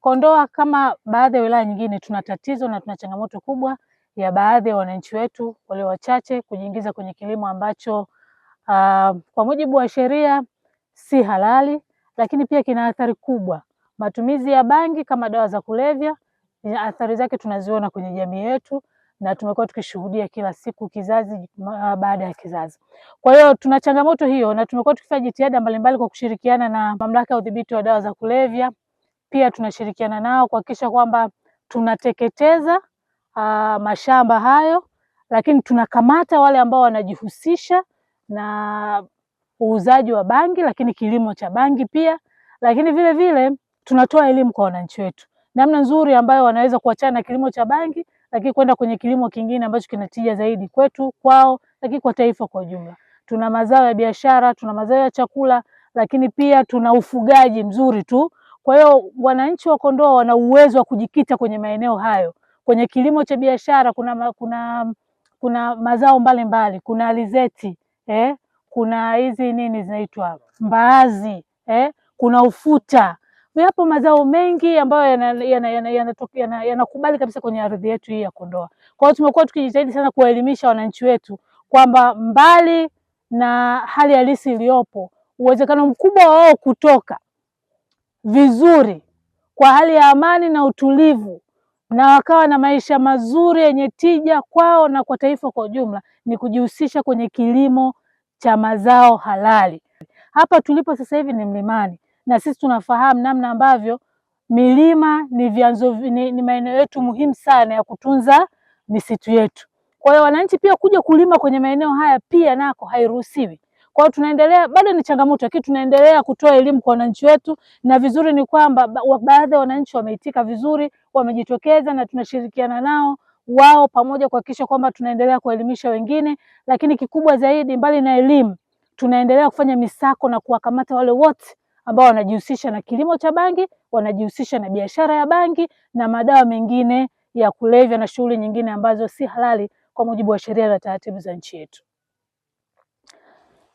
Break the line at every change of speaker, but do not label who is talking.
Kondoa kama baadhi ya wilaya nyingine, tuna tatizo na tuna changamoto kubwa ya baadhi ya wananchi wetu walio wachache kujiingiza kwenye kilimo ambacho uh, kwa mujibu wa sheria si halali, lakini pia kina athari kubwa. Matumizi ya bangi kama dawa za kulevya, athari zake tunaziona kwenye jamii yetu na tumekuwa tukishuhudia kila siku, kizazi baada ya kizazi. Kwa hiyo tuna changamoto hiyo, na tumekuwa tukifanya jitihada mbalimbali kwa kushirikiana na Mamlaka ya Udhibiti wa Dawa za Kulevya pia tunashirikiana nao kuhakikisha kwamba tunateketeza aa, ah, mashamba hayo, lakini tunakamata wale ambao wanajihusisha na uuzaji wa bangi, lakini kilimo cha bangi pia, lakini vile vile tunatoa elimu kwa wananchi wetu namna nzuri ambayo wanaweza kuachana na kilimo cha bangi, lakini kwenda kwenye kilimo kingine ambacho kinatija zaidi kwetu, kwao, lakini kwa taifa kwa ujumla. Tuna mazao ya biashara, tuna mazao ya chakula, lakini pia tuna ufugaji mzuri tu kwa hiyo wananchi wa Kondoa wana uwezo wa kujikita kwenye maeneo hayo. Kwenye kilimo cha biashara kuna, kuna, kuna mazao mbalimbali, kuna alizeti eh, kuna hizi nini zinaitwa mbaazi eh, kuna ufuta hapo mazao mengi ambayo yanakubali yana, yana, yana, yana, yana kabisa kwenye ardhi yetu hii ya Kondoa. Kwa hiyo tumekuwa tukijitahidi sana kuwaelimisha wananchi wetu kwamba mbali na hali halisi iliyopo, uwezekano mkubwa wao kutoka vizuri kwa hali ya amani na utulivu, na wakawa na maisha mazuri yenye tija kwao na kwa taifa kwa ujumla, ni kujihusisha kwenye kilimo cha mazao halali. Hapa tulipo sasa hivi ni mlimani, na sisi tunafahamu namna ambavyo milima ni vyanzo, ni, ni maeneo yetu muhimu sana ya kutunza misitu yetu. Kwa hiyo wananchi pia kuja kulima kwenye maeneo haya pia nako hairuhusiwi. Kwa hiyo tunaendelea, bado ni changamoto, lakini tunaendelea kutoa elimu kwa wananchi wetu, na vizuri ni kwamba baadhi ya wananchi wameitika vizuri, wamejitokeza na tunashirikiana nao wao pamoja kuhakikisha kwamba tunaendelea kuelimisha wengine, lakini kikubwa zaidi, mbali na elimu, tunaendelea kufanya misako na kuwakamata wale wote ambao wanajihusisha na kilimo cha bangi, wanajihusisha na biashara ya bangi na madawa mengine ya kulevya na shughuli nyingine ambazo si halali kwa mujibu wa sheria na taratibu za nchi yetu.